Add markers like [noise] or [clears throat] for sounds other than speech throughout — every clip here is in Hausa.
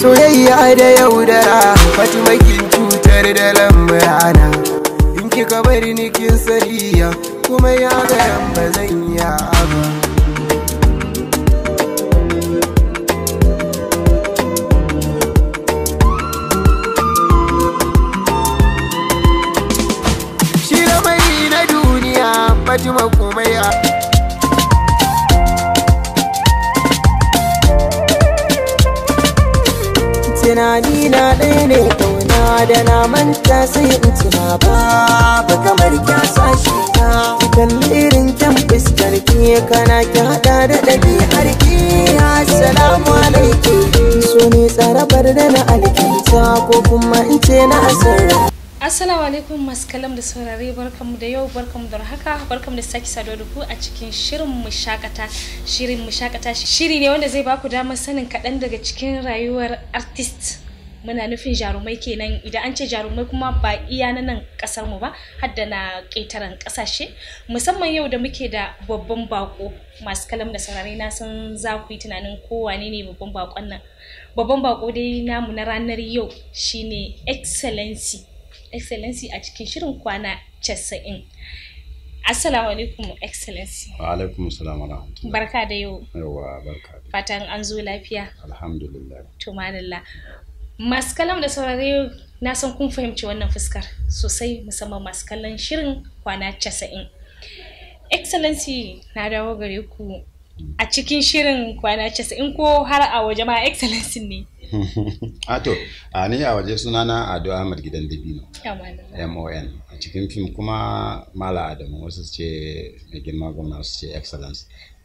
soyayya da yaudara fatima kin cutar da lamurana in kika bari ni kin sariya kuma ya ga ba zan yi ba Fatima kuma ya tunani na ɗaya ne ƙauna da na manta sai in tuna ba ba kamar kyasa sashi ta kan irin kyan fuskar ki kana ki haɗa da ɗabi'ar ki assalamu alaiki so ne tsarabar da na alkinta ko kuma in ce na asara Assalamu alaikum masu kalam da saurare barkamu da yau barkamu da haka barkamu da sake saduwa da ku a cikin shirin mu shakata shirin mu shiri ne wanda zai baku damar sanin kaɗan daga cikin rayuwar artist muna nufin jarumai kenan idan an ce jarumai kuma ba iya na nan kasar mu ba har da na ƙetaren ƙasashe musamman yau da muke da babban bako masu kalam da saurare na san za ku yi tunanin ko ne babban bakon nan babban bako dai namu na ranar yau shine excellency excellency a cikin shirin kwana 90 assalamu alaikum excellency wa alaikum assalam wa barka da yau yawa barka fatan an zo lafiya alhamdulillah to masu kalam da saurare na san kun fahimci wannan fuskar sosai musamman masu kallon shirin kwana 90 excellency na dawo gare ku a cikin shirin kwana casa'in ko har a waje ma excellence ne [laughs] ato a ni a waje sunana ado ahmad gidan dabino mon a cikin fim kuma mala adamu wasu ce mai girma gwamna su ce excellence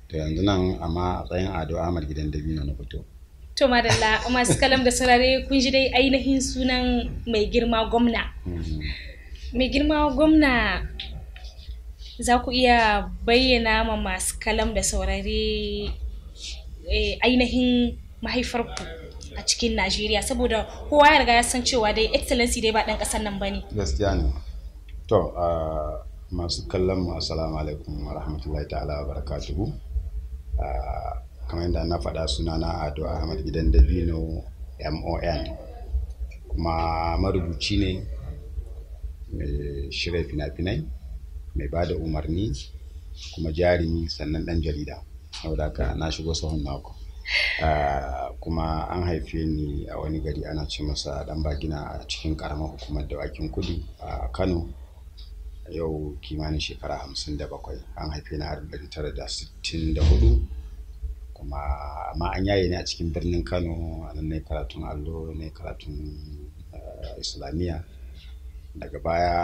to yanzu nan amma a tsayin ado ahmad gidan dabino na fito to madalla masu kalam da saurare kun ji dai ainihin sunan mai girma gwamna mhm. mai girma gwamna za ku iya bayyana ma masu kalam da saurare eh, ainihin mahaifarku a cikin najeriya saboda kowa ya riga ya san cewa dai excellency dai ba ɗan ƙasar nan ba ne gaskiya ne to masu kallon mu assalamu alaikum wa rahmatullahi ta'ala wa barakatuhu kamar yadda na faɗa suna na ado ahmad gidan dabino mon kuma marubuci ne mai shirya fina-finai mai ba da umarni kuma jarumi sannan ɗan jarida saboda haka na shigo sahun naku ah, kuma an haife ni a wani gari ana ce masa ɗan bagina a cikin karamar hukumar dawakin kudu a kano yau kimanin shekara hamsin da bakwai an haife ni har ɗari tara da sittin da hudu kuma amma an yaye ni a cikin birnin kano a nan karatun allo ne karatun ah, islamiyya daga baya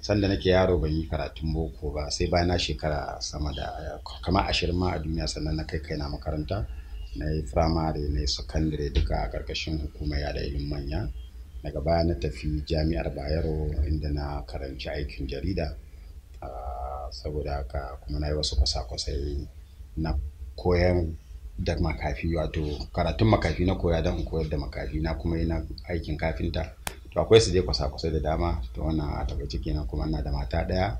sanda nake yaro ban yi karatun boko ba sai bayan na shekara sama da kama ashirin ma a duniya sannan na kai kaina makaranta na yi firamare na yi sakandare duka a ƙarƙashin hukumar yada ilimin manya daga baya na tafi jami'ar bayero inda na karanci aikin jarida ah, saboda haka kuma na yi wasu kwasa-kwasai na koyan da makafi wato karatun makafi na koya don koyar da makafi na kuma yi na aikin kafinta to akwai su je kwasa kwasa da dama to wannan a takaice kenan kuma ina da mata daya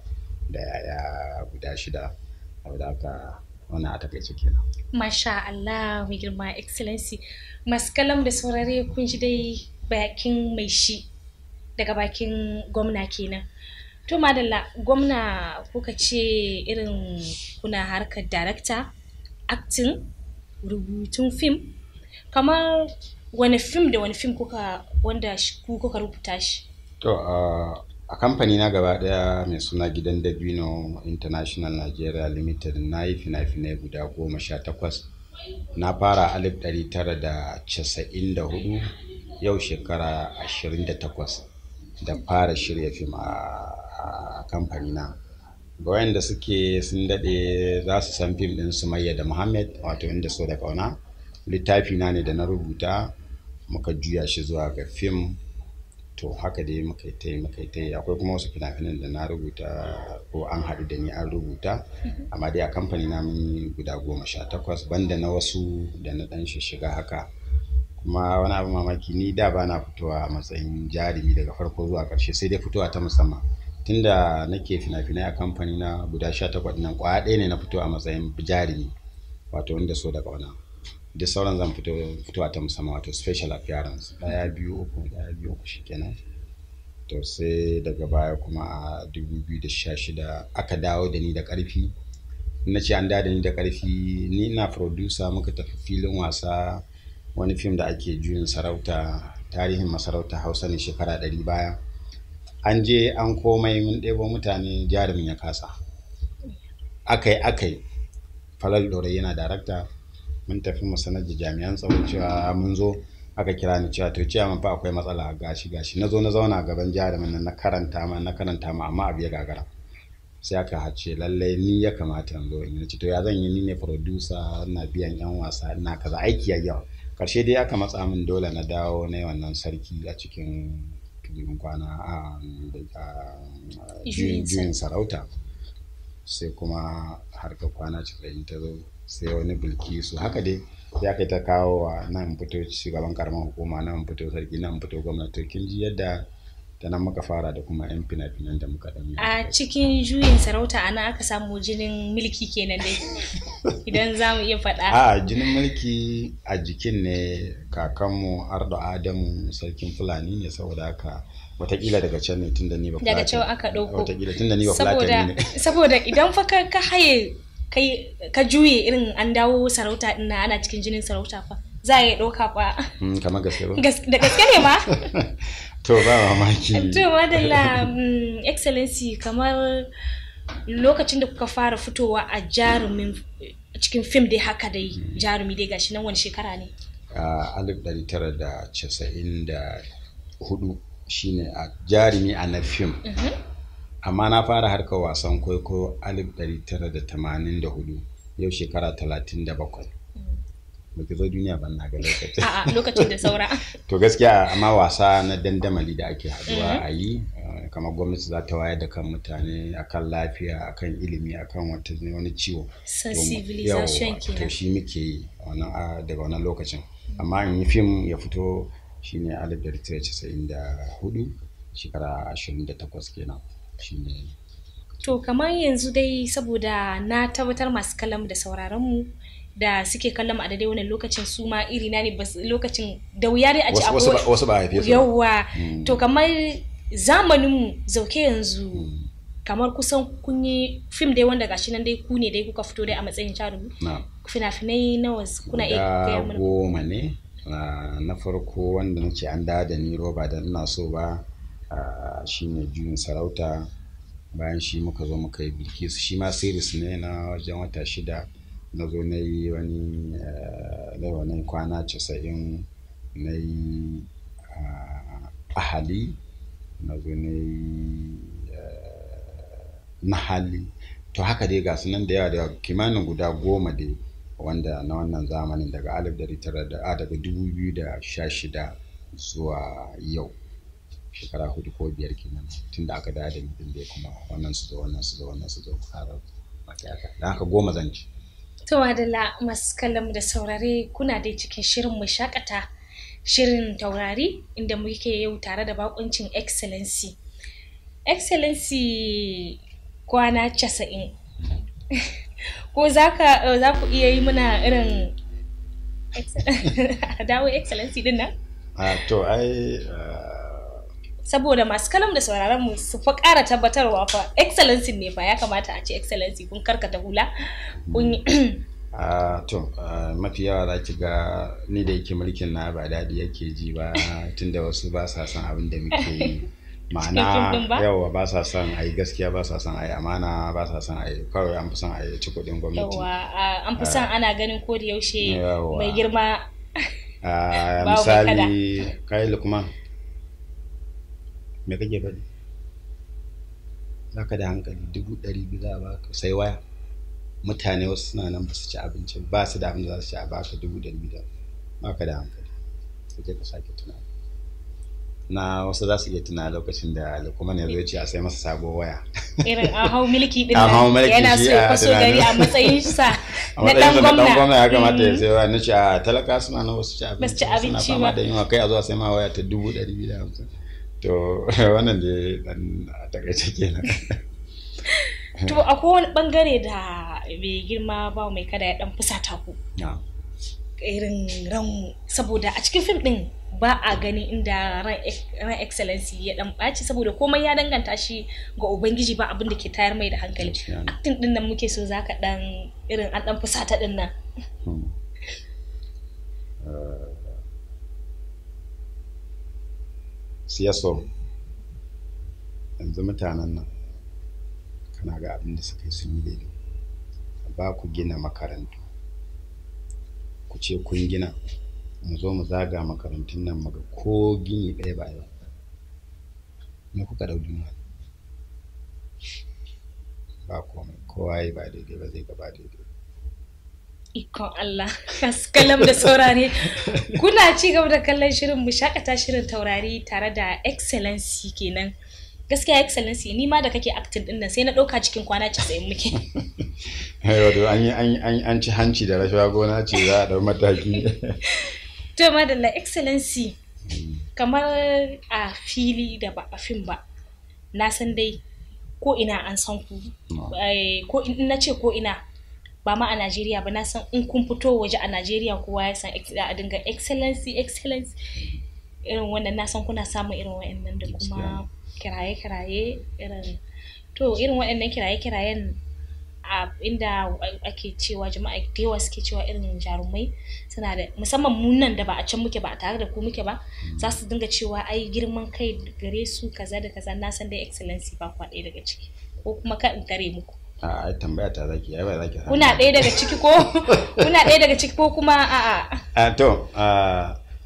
da yaya guda shida da aka wani a takaice kenan masha Allah mai girma excellency masu kalam da saurare kun ji dai bakin mai shi daga bakin gwamna kenan to madalla gwamna kuka ce irin kuna harkar darakta acting rubutun fim kamar wani fim da wani fim kuka wanda ku kuka rubuta shi to a kamfani na gaba daya mai suna gidan dabino international nigeria limited na yi fina-finai guda goma sha takwas na fara alif ɗari tara da casa'in da hudu yau shekara ashirin da takwas da fara shirya fim a kamfani na ga wayanda suke sun dade za su san fim din sumayya da muhammad wato inda so da ƙauna littafi na ne da na rubuta muka juya shi zuwa ga fim to haka dai muka yi tai muka yi akwai kuma wasu fina-finan da na rubuta ko an haɗu da ni an rubuta [laughs] amma dai a kamfani na mun yi guda goma sha takwas banda na wasu da na ɗan shiga haka kuma wani abu mamaki ni da ba na fitowa a matsayin jarumi daga farko zuwa ƙarshe sai dai fitowa ta musamman tunda nake fina-finai a kamfani na guda sha takwas nan kwaya ɗaya ne na fito a matsayin jarumi wato wanda so da ƙauna da sauran zan fito fitowa ta musamman wato special appearance daya biyu uku daya biyu uku shikenan to sai daga baya kuma a 2016 aka dawo da ni da karfi na ce an dawo da ni da karfi ni na producer muka tafi filin wasa wani fim da ake juyin sarauta tarihin masarauta hausa ne shekara ɗari baya an je an komai mun ɗebo mutane jarumin ya kasa akai akai falal dorai yana darakta mun tafi mu sanar da jami'an tsaro cewa mun zo aka kira ni cewa to mun fa akwai matsala gashi gashi na zo na zauna gaban jarumin nan na karanta ma na karanta ma amma abu ya gagara sai aka hace lallai ni ya kamata in zo in ce to ya zan yi ni ne producer ina biyan yan wasa ina kaza aiki ya yawa karshe dai aka matsa min dole na dawo na wannan sarki a cikin kwana um, a um, juyin sarauta sai kuma harka kwana casa'in ta zo sai wani bilkisu haka dai ya kai ta kawo wa nan fito shugaban karamar hukuma nan fito sarki nan fito gwamnati kin ji yadda ta nan muka fara da kuma yan fina-finan da muka ɗan a cikin juyin sarauta a nan aka samu jinin mulki kenan dai [laughs] idan za mu iya faɗa a jinin mulki a jikin ne kakanmu ardo adamu sarkin fulani ne saboda haka watakila daga can ne tunda ni ba daga can aka dauko watakila tunda ni ba saboda [laughs] saboda idan fa ka haye kai ka juye irin an dawo sarauta ina, ana cikin jinin sarauta fa za a yi dauka fa hmm, kamar gaske ba da gaske ne ma [laughs] to ba mamaki [laughs] to madalla hmm, excellency kamar lokacin da kuka fara fitowa a jarumin cikin fim dai haka dai hmm. jarumi dai gashi nan wani shekara ne a 1994 shine a jarumi a na fim mm-hmm. amma na fara harkar wasan kwaikwayo 1984 yau shekara 37 baki mm. zo duniya ban na ga lokacin a lokacin da saura [laughs] to gaskiya amma wasa na dandamali da ake haduwa mm-hmm. a yi eh, kamar gwamnati za ta wayar da kan mutane akan lafiya akan ilimi akan wata ne wani ciwo sensibilization kenan to shi muke yi daga wannan lokacin mm. amma in yi fim ya fito shine alif da casa'in da hudu shekara ashirin da takwas kenan shine to kamar yanzu dai saboda na tabbatar masu kalam da sauraron mu da suke kallon a daidai wannan lokacin su ma iri na ne lokacin da wuya dai a ci akwai wasu hmm. to kamar zamanin mu zauke yanzu hmm. kamar kusan kun yi fim dai wanda gashi nan dai ku ne dai kuka fito dai a matsayin jarumi fina-finai nawa kuna iya gaya mana goma ne Ah, na farko wanda na ce an dawo da ni roba da ina so ba ah, shine juyin sarauta bayan shi muka zo muka yi bilkisu shi ma series ne na wajen wata shida na zo na yi wani lawanin eh, kwana casa'in na yi ah, ahali na zo na yi eh, nahali to haka dai ga sunan da yawa da kimanin guda goma dai wanda na wannan zamanin daga alif dari tara da a daga dubu biyu da sha shida zuwa yau shekara hudu ko biyar kenan tun da aka dawo da mutum kuma wannan su zo wannan su zo wannan su zo har mataka da haka goma zan ci. to adala masu kallon da saurare kuna dai cikin shirin mu shakata shirin taurari inda muke yau tare da bakuncin excellency excellency kwana casa'in mm-hmm. ko eh, za ku iya yi muna irin [laughs] dawo excellency din nan? to ai eh, saboda masu kalam da sauraron mu su fa ƙara tabbatarwa fa excellency ne fa ya kamata a ce excellency kun karkata hula kun [clears throat] to mafi yawa za ki ga ni da yake mulkin na ba daɗi yake ji ba tunda wasu ba sa son abin da muke yi ma'ana yawa ba sa son a yi gaskiya ba sa son a yi amana ba sa son a yi kawai an fi son a yi ci kuɗin gwamnati yawa an fi son eh. ana ganin ko da yaushe mai girma [laughs] ah, [laughs] misali kai lukman me kake faɗi zaka da hankali dubu ɗari biyu za a baka sai waya mutane wasu suna nan ba su ci abinci ba su da abin da za su ci a baka dubu ɗari biyu ba ka da hankali sai ka sake tunani na wasu za su iya tuna lokacin da lukman ya zo ce a sai masa sabo waya irin a hau miliki din nan yana so ya kwaso gari a matsayin [laughs] sa na dan gwamna dan gwamna ya kamata ya mm. sai waya na ce a talaka suna na wasu ci abinci suna fama da yunwa kai a zuwa sai ma waya ta dubu ɗari biyu da hamsin to [laughs] wannan da dan takaice kenan [laughs] to akwai wani bangare da bai girma ba mai kada ya dan fusata ku irin ran saboda a cikin fim din ba a ganin inda ran excellency ya dan ɓaci saboda komai ya danganta shi ga ubangiji ba abin da ke tayar mai da hankali acting din nan muke so zaka dan irin an dan fusata din nan hmm. eh, Siyaso yanzu mutanen nan kana ga abin da suka yi sun yi ba ku gina makarantu ku ce kun gina mu zo mu zaga makarantun nan muga ko gini ɗaya ba ba ne kuka ɗau juna ba komai kowa yi ba daidai ba zai gaba daidai ikon Allah kaskalam da saurare kuna ci gaba da kallon shirin mu shakata shirin taurari tare da excellency kenan gaskiya excellency ni ma da kake acting din nan sai na ɗauka cikin kwana 90 muke [laughs] wato an yi an ci hanci da rashawa gona ce za a ɗau mataki [laughs] to madalla excellency kamar a fili da ba a fim ba na san dai ko ina an san ku eh, ko in na ce ko ina ba ma a Najeriya ba na san in kun fito waje a Najeriya kowa ya san a dinga excellency excellence irin wannan na san kuna samun irin wa'annan da kuma kiraye-kiraye irin to irin wa'annan kiraye-kirayen a inda ake cewa jama'a da yawa suke cewa irin jarumai suna da musamman mu nan da ba a can muke ba tare da ku muke ba za su dinga cewa ai girman kai gare su kaza da kaza na san dai excellency ba kwa ɗaya daga ciki ko kuma ka in tare muku a'a tambaya ta zaki ai ba zaki kuna ɗaya daga ciki ko [laughs] kuna ɗaya daga ciki ko kuma a'a a to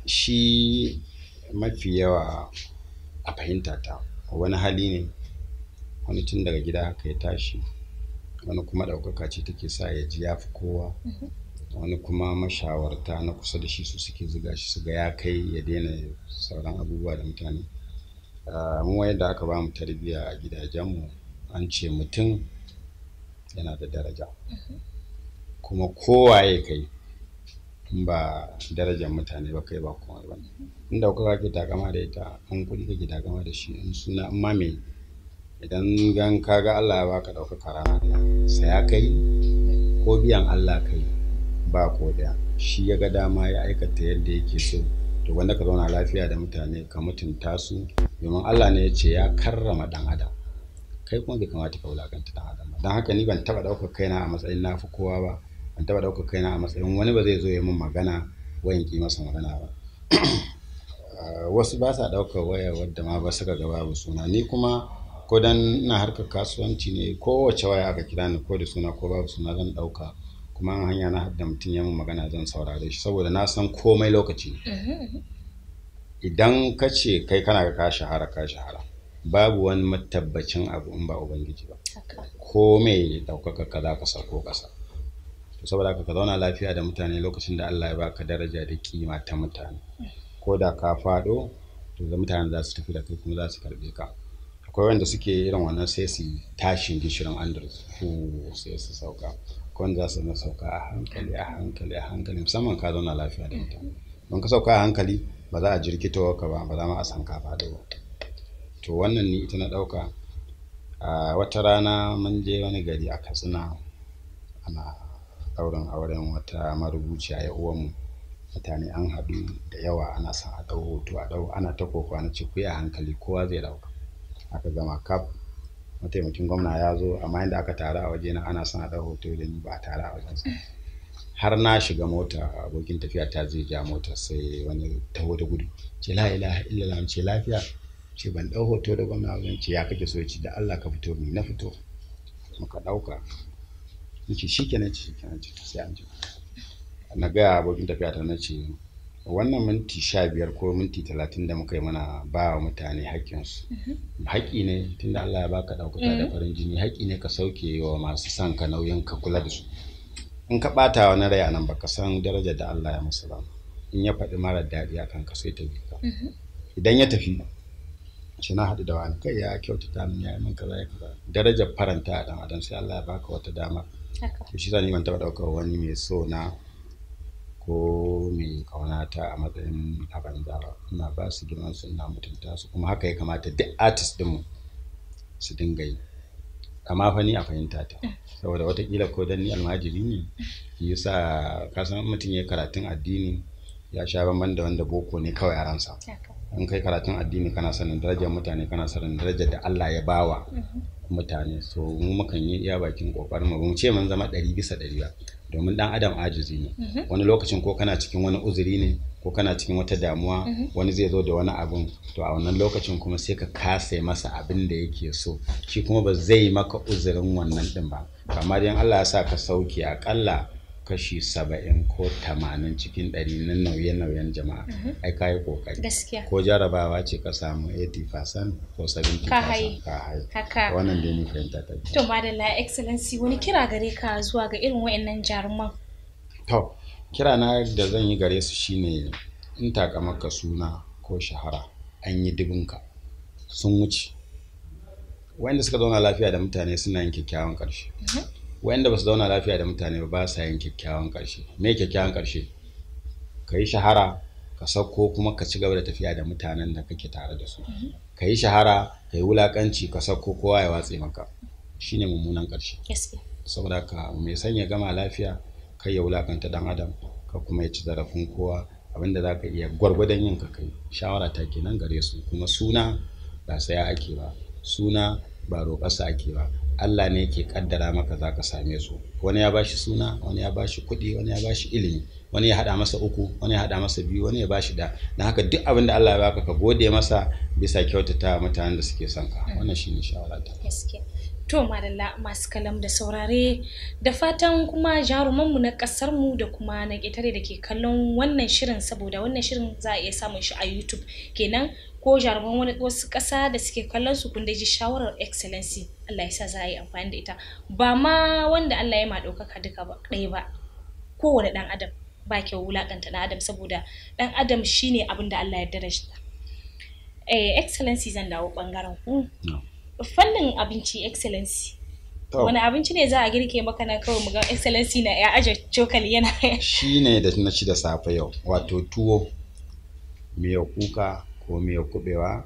shi mafi yawa a fahimta ta wani hali ne wani tun daga gida haka ya tashi wani kuma ɗaukaka ce take sa ya ji ya fi kowa mm-hmm. wani kuma mashawarta na kusa da shi su suke zuga shi su ga ya kai ya daina sauran abubuwa da mutane ah, mu da aka ba mu tarbiyya a gidajenmu an ce mutum yana da daraja mm-hmm. kuma kowaye kai ba darajar mutane ba kai ba kuma ba mm-hmm. in da kuka ke takama da ita an kuɗi kake takama da shi in suna in ma mai idan gan ga Allah ya baka ɗaukaka rana ɗaya saya kai ko biyan Allah kai ba ko ɗaya shi ya ga dama ya aikata yadda yake so to wanda ka zauna lafiya da mutane ka mutunta su domin Allah ne ya ce ya karrama ɗan adam kai kuma bai kamata ka wulakanta ɗan adam ba don haka ni ban taɓa ɗaukar kaina a matsayin na fi kowa ba ban taɓa ɗaukar kaina a matsayin wani ba zai zo ya min magana wayan ki masa magana ba [clears throat] ah, wasu ba sa ɗaukar waya wadda ma ba suka gaba ba suna ni kuma ko dan ina harkar kasuwanci ne kowace waya aka kira ni ko da suna ko babu suna zan ɗauka kuma an hanya na hadda mutum ya magana zan saurare shi saboda na san komai lokaci ne mm-hmm. idan ka ce kai kana ka shahara ka shahara babu wani matabbacin abu in ba ubangiji ba komai mai ɗaukaka ka za ka ƙasa saboda haka ka zauna lafiya da mutane lokacin da Allah ya baka daraja da kima ta mutane mm. ko da ka faɗo to da mutane za su tafi da kai kuma za su karɓe ka akwai wanda suke irin wannan sai su tashin gishirin andrews sai su sauka kwan za su na sauka a hankali a hankali a hankali musamman ka zauna lafiya da ita don ka sauka a hankali ba za a jirkito ka ba ba za ma a san ka faɗo ba to wannan ni ita na ɗauka a wata rana mun je wani gari a katsina ana ɗaurin auren wata marubuci a yahuwanmu mutane an haɗu da yawa ana son a ɗau hoto a ɗau ana ta kokowa na ce ku yi a hankali kowa zai ɗauka aka gama kaf mataimakin gwamna ya zo amma yadda aka taru a waje na ana son a hoto da ni ba a taru a wajensa har na shiga mota abokin tafiya ta zai ja mota sai wani taho da gudu ce la ilaha illallah ce lafiya ce ban dau hoto da gwamna wajen ce ya kake so ya ce da Allah ka fito ni na fito muka dauka nace shikenan ce shikenan ce sai an ji na ga abokin tafiya ta nace wannan minti sha biyar ko minti talatin da muka yi mana ba wa mutane haƙƙinsu mhm. haƙƙi ne tunda Allah ya baka ɗaukaka da mm. farin jini haƙƙi ne ka sauke wa masu san ka nauyin ka kula da su in ka ɓata wa rai a nan baka san daraja da Allah ya masa ba in ya faɗi mara daɗi akan ka sai ta ka mhm. idan ya tafi shi na haɗu da wani kai ya kyautata min ya yi min kaza ya kaza darajar faranta a ɗan adam sai Allah ya baka wata dama to shi zan yi ban taɓa ɗaukar wani mai so na ko mai kaunata a matsayin abin banza ba ina ba su girman su ina mutunta su kuma haka ya kamata duk artist mu su dinga yi amma fa ni a fahimta ta saboda watakila ko dan ni almajiri ne yasa kasan mutum ya karatun addini ya sha bamban da wanda boko ne kawai a ransa in kai karatun addini kana sanin darajar mutane kana sanin darajar da Allah ya bawa mm-hmm. mutane so mu mukan yi iya bakin kokarin mu ce mun zama ɗari bisa ɗari ba domin dan adam ajizi ne mhm. wani lokacin ko kana cikin wani uzuri ne ko kana cikin wata damuwa mhm. wani zai zo da wani abun to a wannan lokacin kuma sai ka kasa masa abin da yake so shi kuma ba zai maka uzurin wannan din ba amma yan Allah ya sa ka sauki akalla kashi saba'in ko tamanin cikin ɗari na nauye-nauyen jama'a mhm. ai ka yi ƙoƙari ko jarabawa ce ka samu 80% ko 70% ka hai haka wannan da ni fahimta ta to madalla excellency wani kira gare ka zuwa ga irin wa'annan jaruman to kira na da zan yi gare su shine in takamaka suna ko shahara an yi dubinka sun wuce wanda suka zauna lafiya da mutane suna yin kyakkyawan ƙarshe mhm. wanda ba su zauna lafiya da mutane ba sa yin kyakkyawan ƙarshe me kyakkyawan ƙarshe ka yi shahara ka sauko kuma ka ci gaba da tafiya da mutanen da kake tare da su mm-hmm. ka yi shahara ka yi wulaƙanci, ka sauko kowa ya watse maka shine mummunan ƙarshe saboda ka mai sanya gama lafiya kai ya wulaƙanta ɗan adam ka kuma ya ci zarafin kowa abin da za ka iya gwargwadon yin ka kai shawara ta kenan gare su kuma suna ba saya ake ba suna ba roƙarsa ake ba Allah ne ke kaddara maka za ka same su wani ya bashi suna wani ya bashi kuɗi wani ya bashi ilimi wani ya haɗa masa uku wani ya haɗa masa biyu wani ya bashi da na haka duk abin da Allah ya baka ka gode masa bisa kyautata mutanen da suke son ka mm. wannan shine shawara ta to madalla masu kalam da saurare da fatan kuma jarumanmu na kasar mu da kuma na ƙetare da ke kallon wannan shirin saboda wannan shirin za a iya samun shi a YouTube kenan ko jaruman wani wasu ƙasa da suke kallon su kun ji shawarar excellency Allah ya sa za a yi amfani da ita ba ma wanda Allah ya ma ɗaukaka duka ba ɗaya ba kowane ɗan adam ba kyau wulaƙanta ɗan adam saboda ɗan adam shine abin da Allah ya darajta eh excellency zan dawo ɓangaren ku fannin abinci excellency wani abinci ne za a girke maka na kawai mu ga excellency na ya aje cokali yana [laughs] shi ne da na ci da safe yau wato tuwo miyar kuka ko miyar kubewa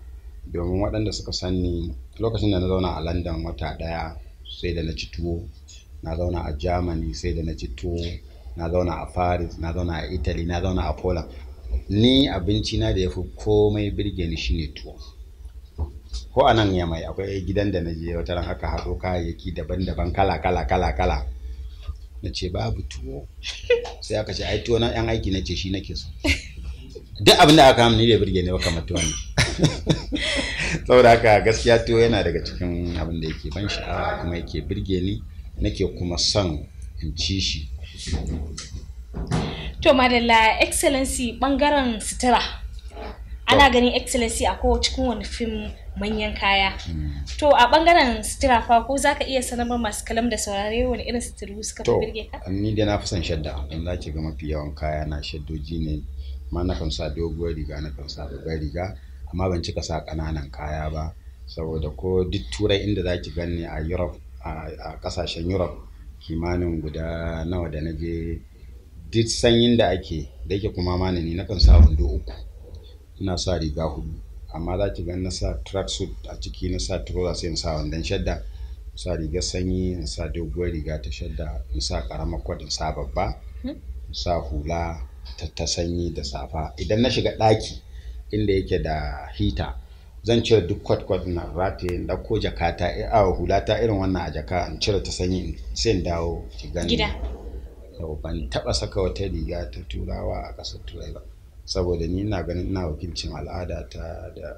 domin waɗanda suka sanni, lokacin da na zauna a london wata ɗaya sai da na ci tuwo na zauna a germany sai da na ci tuwo na zauna a paris na zauna a italy na zauna a poland ni abinci na da ya fi komai birge ni shine tuwo ko a nan yamai akwai gidan da na je wata ran aka haɗo kayayyaki daban-daban kala kala kala kala na ce babu tuwo [laughs] sai aka ce ai tuwo na yan aiki na ce shi nake so [laughs] duk abin da aka hamni ne birge ne ba kamar tuwo ne [laughs] [laughs] saboda haka gaskiya tuwo yana daga cikin abin da yake ban sha'awa kuma yake birge ni nake kuma son in ci shi to madalla excellency bangaren sutura ana ganin excellency a kowace cikin wani fim manyan kaya hmm. to a bangaren sutura fa ko zaka iya sanarwa masu kalam da saurare wani irin suturu su ka birge ka ni da na fi son shadda in za ki ga mafi yawan kaya na shaddoji ne ma na kan sa doguwar riga na kan sa babbar riga amma ban cika sa ƙananan kaya ba saboda ko duk turai inda za ki ganni a europe a ƙasashen europe kimanin guda nawa da na je duk sanyin da ake da yake kuma mana ne nakan sa wando uku ina sa riga hudu amma za ki gan na sa suit a ciki na sa trouser sai in sa wandon shadda sa rigar sanyi in sa doguwar riga ta shadda in sa karamar kwat in sa babba hmm? in sa hula ta sanyi da safa idan na shiga ɗaki inda yake da hita zan cire duk kwat-kwat na rataye da ko jakata eh, a hulata irin wannan a jaka in cire ta sanyi sai in dawo gida ban taba saka wata riga ta turawa a ƙasar turai ba saboda ni ina ganin ina wakilcin al'ada ta da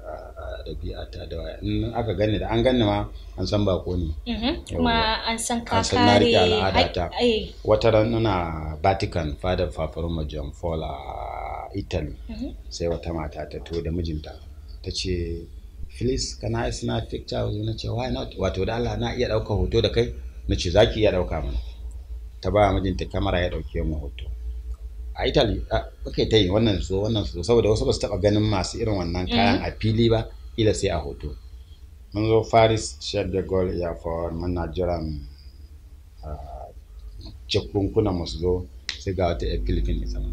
ɗabi'a ta da waya in aka gani da an gani ma an san bako ne mm-hmm. kuma an san ka kare al'ada eh. wata ran ina Vatican fadar fafarun majan fola Italy mm-hmm. sai wata mata ta to da mijinta ta ce please kana yi suna picture with na ce why not wato da Allah na iya ɗaukar hoto da kai na ce za ki iya ɗauka mana ta ba mijinta kamara ya ɗauke mu hoto a Italy kai ta yi wannan so wannan so saboda wasu ba su taɓa ganin masu irin wannan kayan mm-hmm. a fili ba ila sai a hoto mun zo Paris Charles de Gaulle Airport muna jiran ah, jakunkunan masu zo sai ga wata yar filifin ne sama.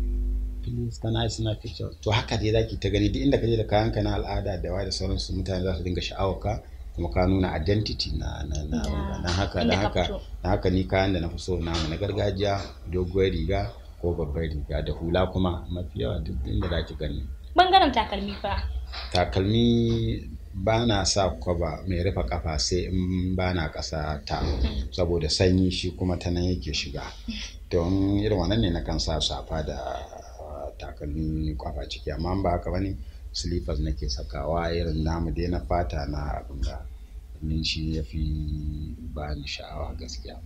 please ta na picture to haka dai zaki ta gani duk inda kaje da kayan ka na al'ada da wa da sauransu mutane za su dinga sha'awar ka kuma ka nuna identity na na na na haka da haka na haka ni kayan da na fi so na na gargajiya doguwar riga ko babbar riga da hula kuma mafi yawa duk inda zaki gani bangaren takalmi fa takalmi ba na sa kwaba mai rufe kafa sai in ba na ƙasa ta saboda sanyi shi kuma ta nan yake shiga don irin wannan ne na kan sa safa da takalmin kwafa ciki amma ba haka bane slippers nake sakawa irin namu dai na fata na abin da domin shi ya fi ba ni sha'awa gaskiya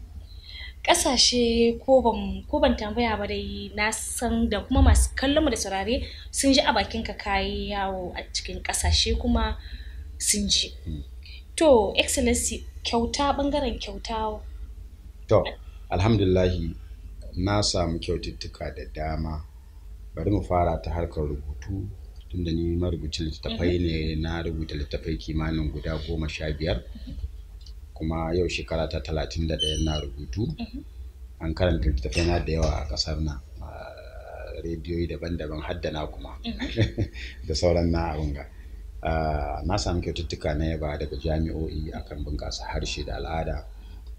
ƙasashe ko ban ko tambaya ba dai na san da kuma masu kallon mu da saurare sun ji a bakin ka kayi yawo a cikin ƙasashe kuma sun ji hmm. to excellency kyauta bangaren kyauta to alhamdulahi na samu kyaututtuka da dama bari mu fara ta harkar rubutu tunda ni marubucin littattafai ne na rubuta littattafai kimanin guda goma sha biyar kuma yau shekara ta talatin da ɗaya na rubutu an karanta littattafai na da yawa a ƙasar na rediyoyi daban-daban haddana kuma [laughs] da sauran na abunga na samu kyaututtuka na yaba daga jami'o'i akan bunƙasa harshe da al'ada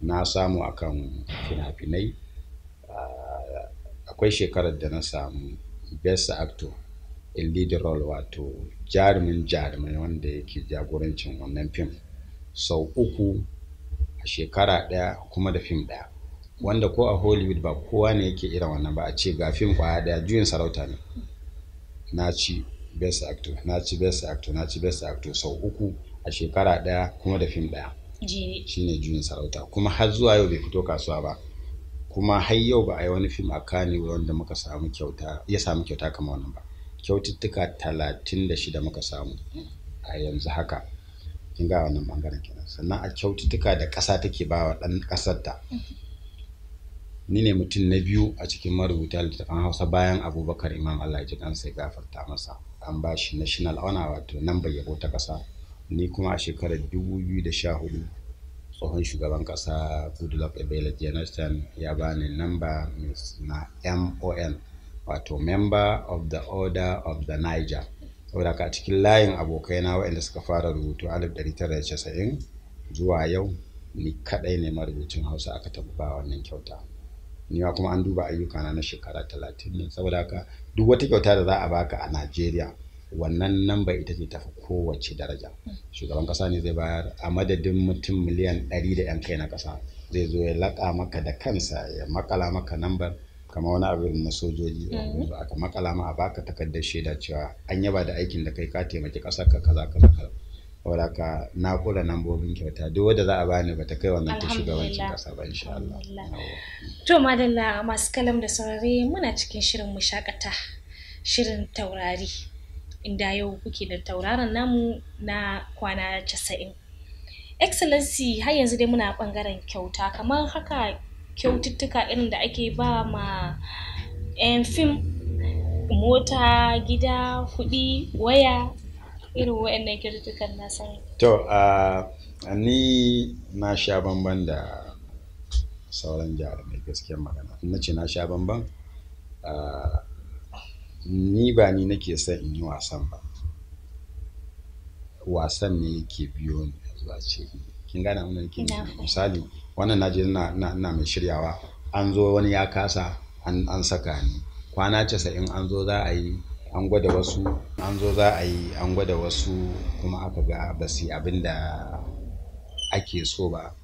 na samu akan fina-finai akwai shekarar da na samu best Acto a lead role wato jarumin jarumai wanda yake jagorancin wannan fim sau uku a shekara ɗaya kuma da fim ɗaya wanda ko a hollywood ba kowa ne yake irin wannan ba a ce ga fim kwaya ɗaya juyin sarauta ne na ci best actor na ci best actor na ci best actor sau uku a shekara ɗaya kuma da fim ɗaya shine juyin sarauta kuma har zuwa yau bai fito kasuwa ba kuma har yau ba a yi wani fim a kane wanda muka samu kyauta ya samu kyauta kama wannan ba kyaututtuka talatin da shida muka samu a yanzu haka kin ga wannan bangaren kenan sannan a kyaututtuka da ƙasa take ba wa ɗan ƙasar ta ni ne mutum na biyu a cikin marubuta littattafan hausa bayan abubakar imam allah ji kansa ta gafarta masa an ba shi national honor wato nan bai yabo ta ƙasa ni kuma a shekarar da 2014 tsohon shugaban ƙasa goodluck ebele jonathan ya bani namba na mon wato member of the order of the niger saboda ka cikin layin abokaina waɗanda suka fara rubutu 1990 zuwa yau ni kaɗai ne marubucin hausa aka ba wannan kyauta niwa kuma an duba ayyukana na shekara talatin ne saboda ka duk wata kyauta da za a baka a najeriya wannan namba ita ce tafi kowace daraja hmm. shugaban kasa ne zai bayar a madadin mutum miliyan 100 da 'yan kai na kasa zai zo ya laƙa maka da kansa ya makala maka nambar kama wani abin na sojoji wanda hmm. aka makala ma a baka takardar shaida cewa an yaba da aikin da kai ka taimaki kasar ka kaza kaza kaza wanda ka na kula nambobin kyauta duk wanda za a bani ta kai wannan ta shugabancin kasa ba insha Allah to madalla masu kalam da saurare muna cikin shirin mushakata shirin taurari inda yau kuke da tauraron namu na kwana casa'in. Excellency har yanzu dai muna bangaren kyauta kamar haka kyaututtuka irin da ake ba ma 'yan eh, fim mota gida kuɗi waya irin wa'annan kyaututtukan na san. To, uh, ni na sha bamban da sauran jarumai gaskiyar magana. Na ce na sha bamban. Uh, ni ba ni nake son in yi wasan ba wasan ne yake biyo ni zuwa ce kin gane abin nake misali wannan naje na na mai shiryawa an zo wani ya kasa an saka ni kwana casa'in an zo za a yi an gwada wasu an zo za a yi an gwada wasu kuma aka ga ba su abin da ake so ba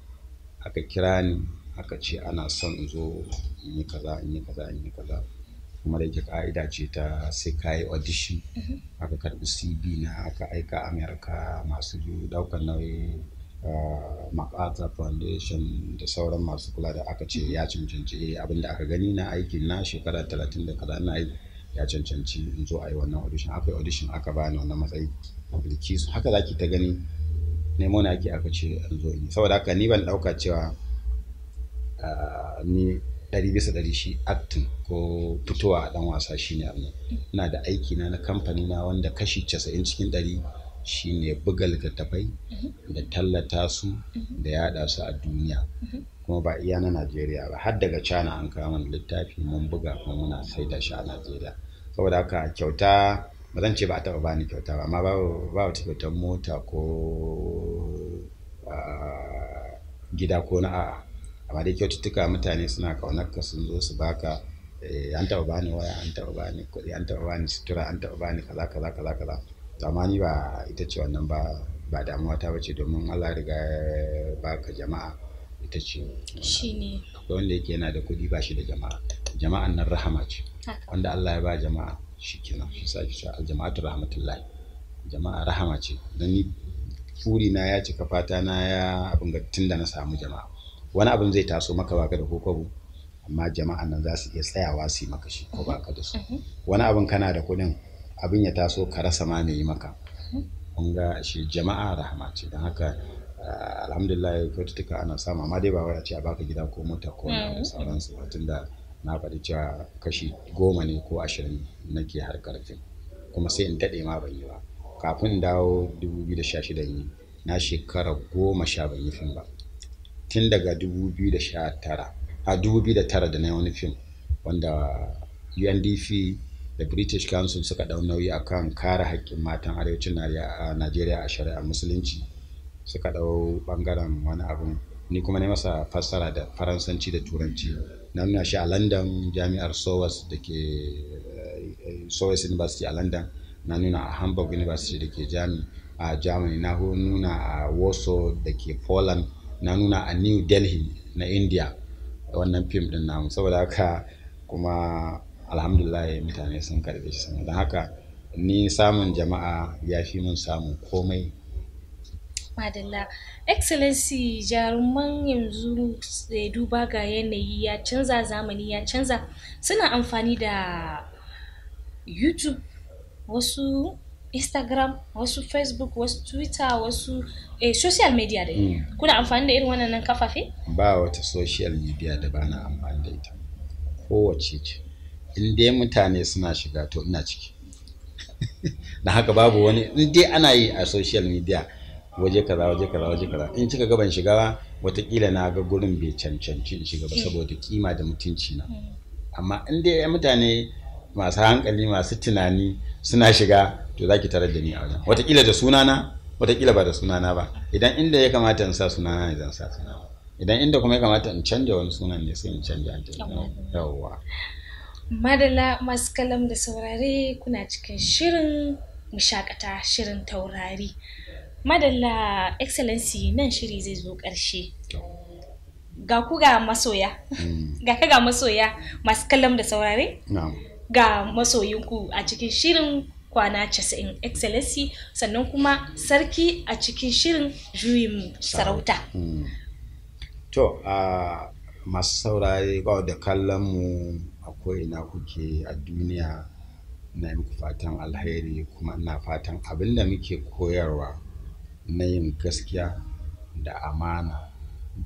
aka kira ni aka ce ana son in zo in yi kaza in yi kaza in yi kaza kuma da ke ka'ida ce ta sai ka yi audition mm-hmm. aka karbi cv na aka aika america masu daukar nauyi uh, makata foundation da sauran masu kula da aka ce ya cancanci eh, abinda aka gani na aikin na shekara 30 da kaza na yi ya cancanci in zo a yi wannan audition aka yi audition aka bani wannan matsayi bilki su haka zaki ta gani nemo na ake aka ce in zo in saboda haka ni ban dauka cewa uh, ni ɗari bisa ɗari shi acting ko fitowa a ɗan wasa shine abin ina da aiki na na kamfani na wanda kashi casa'in cikin ɗari shine buga littattafai mhm. da tallata su mhm. da yada su a duniya mhm. kuma ba iya na najeriya ba har daga china an kawo mana littafi mun buga kuma muna saida shi a najeriya saboda haka kyauta ba zan ce ba a taɓa bani kyauta ba amma ba wata kyautar mota ko ah, gida ko na a'a amma dai kyaututtuka mutane suna kaunar ka sun zo su baka eh, an taɓa bani waya an taɓa bani kuɗi an taɓa bani sutura an taɓa bani kaza kaza kaza kaza to amma ni ba ita ce wannan ba ba damuwa ta bace domin Allah riga baka jama'a ita ce shine akwai wanda yake yana da kuɗi ba shi da jama'a jama'an nan rahama ce wanda Allah ya ba jama'a shi kenan shi sa ki al jama'atu rahmatullahi jama'a rahama ce dan ni furi na ya cika fata na ya abin ga tunda na samu jama'a wani abin zai taso maka baka da kokobo amma jama'an nan za su iya tsayawa su yi maka shi ko baka da su mm-hmm. wani abin kana da kuɗin abin ya taso ka rasa ma me yi maka mm-hmm. kun ga shi jama'a rahama ce don haka ah, alhamdulillah kyaututtuka ana samu amma dai ba wai a ce a baka gida ko mota ko da mm-hmm. sauransu tunda na faɗi cewa kashi goma ne ko ashirin nake harkar fim kuma sai in daɗe ma ban yi ba kafin dawo dubu biyu da sha shida yi na shekara goma sha ban yi fim ba tun daga 2019 a 2009 da na wani fim wanda undp da british council suka ɗau nauyi a kan kare haƙƙin matan arewacin najeriya a shari'a musulunci suka ɗau ɓangaren wani abin ni kuma ne masa fassara da faransanci da turanci na nuna shi a london jami'ar sowas da ke eh, sowas university a london na nuna a hamburg university da ke jami a germany na nuna a warsaw da ke poland na nuna a new delhi na india da wannan fim din namu saboda haka kuma alhamdulillah mutane sun karbe shi sama don haka ni samun jama'a ya fi mun samun komai madalla excellency jaruman yanzu da duba ga yanayi ya canza zamani ya canza suna amfani da youtube wasu instagram wasu facebook wasu twitter wasu eh, social media da mm. kuna amfani da irin wannan kafafe ba wata social media da bana amfani da ita kowace ce in dai mutane suna shiga to ina ciki [laughs] da haka babu wani in dai ana yi a social media waje kaza waje kaza waje kaza in cika gaban shiga ba watakila na ga gurin bai cancanci in shiga ba hmm. saboda kima da mutunci na hmm. amma in dai mutane masu hankali masu tunani suna shiga to za ki tarar da ni a wajen watakila da sunana watakila ba da sunana ba idan inda ya kamata in sa sunana ne zan sa sunana idan inda kuma ya kamata in canja wani sunan ne sai in canja yawa madala masu kalam da saurare kuna cikin shirin mushakata shirin taurari madalla excellency nan shiri zai zo ƙarshe ga ku ga masoya mm. [laughs] ga ka ga masoya masu kalam da saurare ga masoyinku a cikin shirin kwana 90 excellency sannan kuma sarki a cikin shirin juyin sarauta hmm. to a masu saurari, ba da kallon mu akwai na kuke a duniya na muku fatan alheri kuma na fatan abin da muke koyarwa na yin gaskiya da amana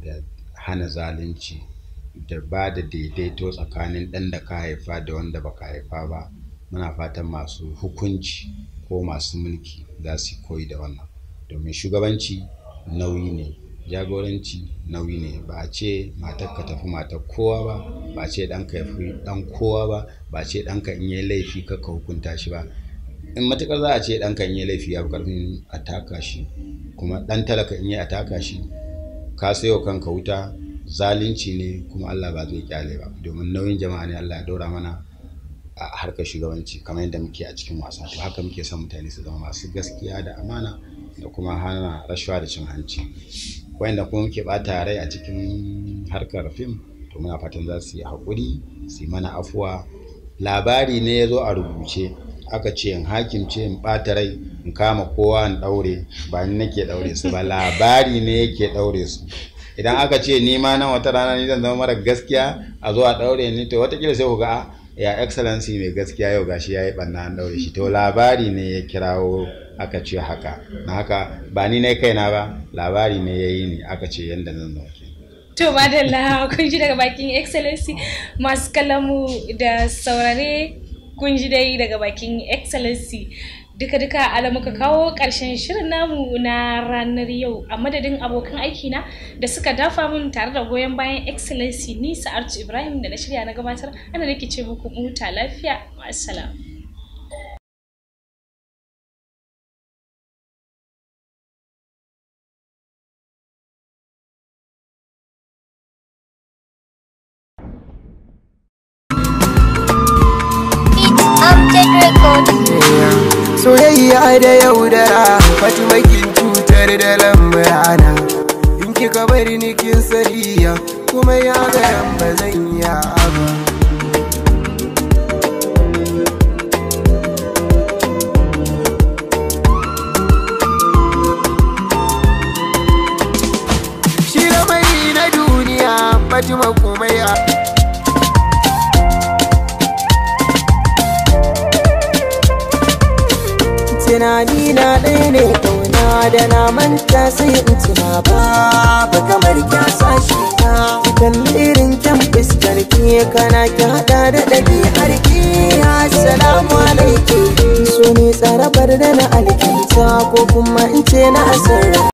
da hana zalunci da ba da daidaito tsakanin ɗan da ka haifa da wanda ba ka haifa ba muna fatan masu hukunci ko masu mulki za su koyi da wannan domin shugabanci nauyi ne jagoranci nauyi ne ba a ce matar ka tafi matar kowa ba ba a ce ka ya fi ɗan kowa ba ba a ce ka in yi laifi ka hukunta shi ba in matuƙar za a ce ka in yi laifi ya fi ƙarfin a taka shi kuma ɗan talaka in yi a taka shi ka sayo kanka wuta zalunci ne kuma Allah ba zai kyale ba domin nauyin jama'a ne Allah ya daura mana a harkar shugabanci kamar yadda muke a cikin wasa to haka muke son mutane su zama masu gaskiya da amana da kuma hana rashawa da cin hanci wayanda kuma muke bata rai a cikin harkar fim to muna fatan za su yi hakuri, su yi mana afuwa labari ne ya zo a rubuce aka ce in hakimce in ɓata rai in kama kowa in ɗaure ba ni nake ɗaure su ba labari ne yake ɗaure su idan aka ce ni ma nan wata rana ni zan zama mara gaskiya a zuwa daure ni to watakila sai ku ga ah, ya excellency mai gaskiya yau gashi ya yi banna an daure shi to labari ne ya kirawo aka ce haka na haka ba ni ne kaina ba labari ne yayi yi ni aka ce yadda zan zama to madalla kun ji daga bakin excellency masu kalamu da saurare kun ji dai daga bakin excellency duka-duka ala muka kawo ƙarshen shirin namu na ranar yau a madadin abokan aiki na da suka dafa min tare da goyon bayan excellency ni sa'artu ibrahim da na shirya na gabatar ana ke ce muku muta lafiya assalam Record. soyayya da yaudara fatima kin cutar da lambarana in kika bari ni kin sariya kuma ya garan ba zan ya ba Fatima na ɗaya ne kauna da na manta sai in tuna babu kamar kya sashi na kan lirin kyan fuskar ki kana ki hada da har ki assalamu alaiki so ne tsarabar da na alkinta ko kuma in ce na asara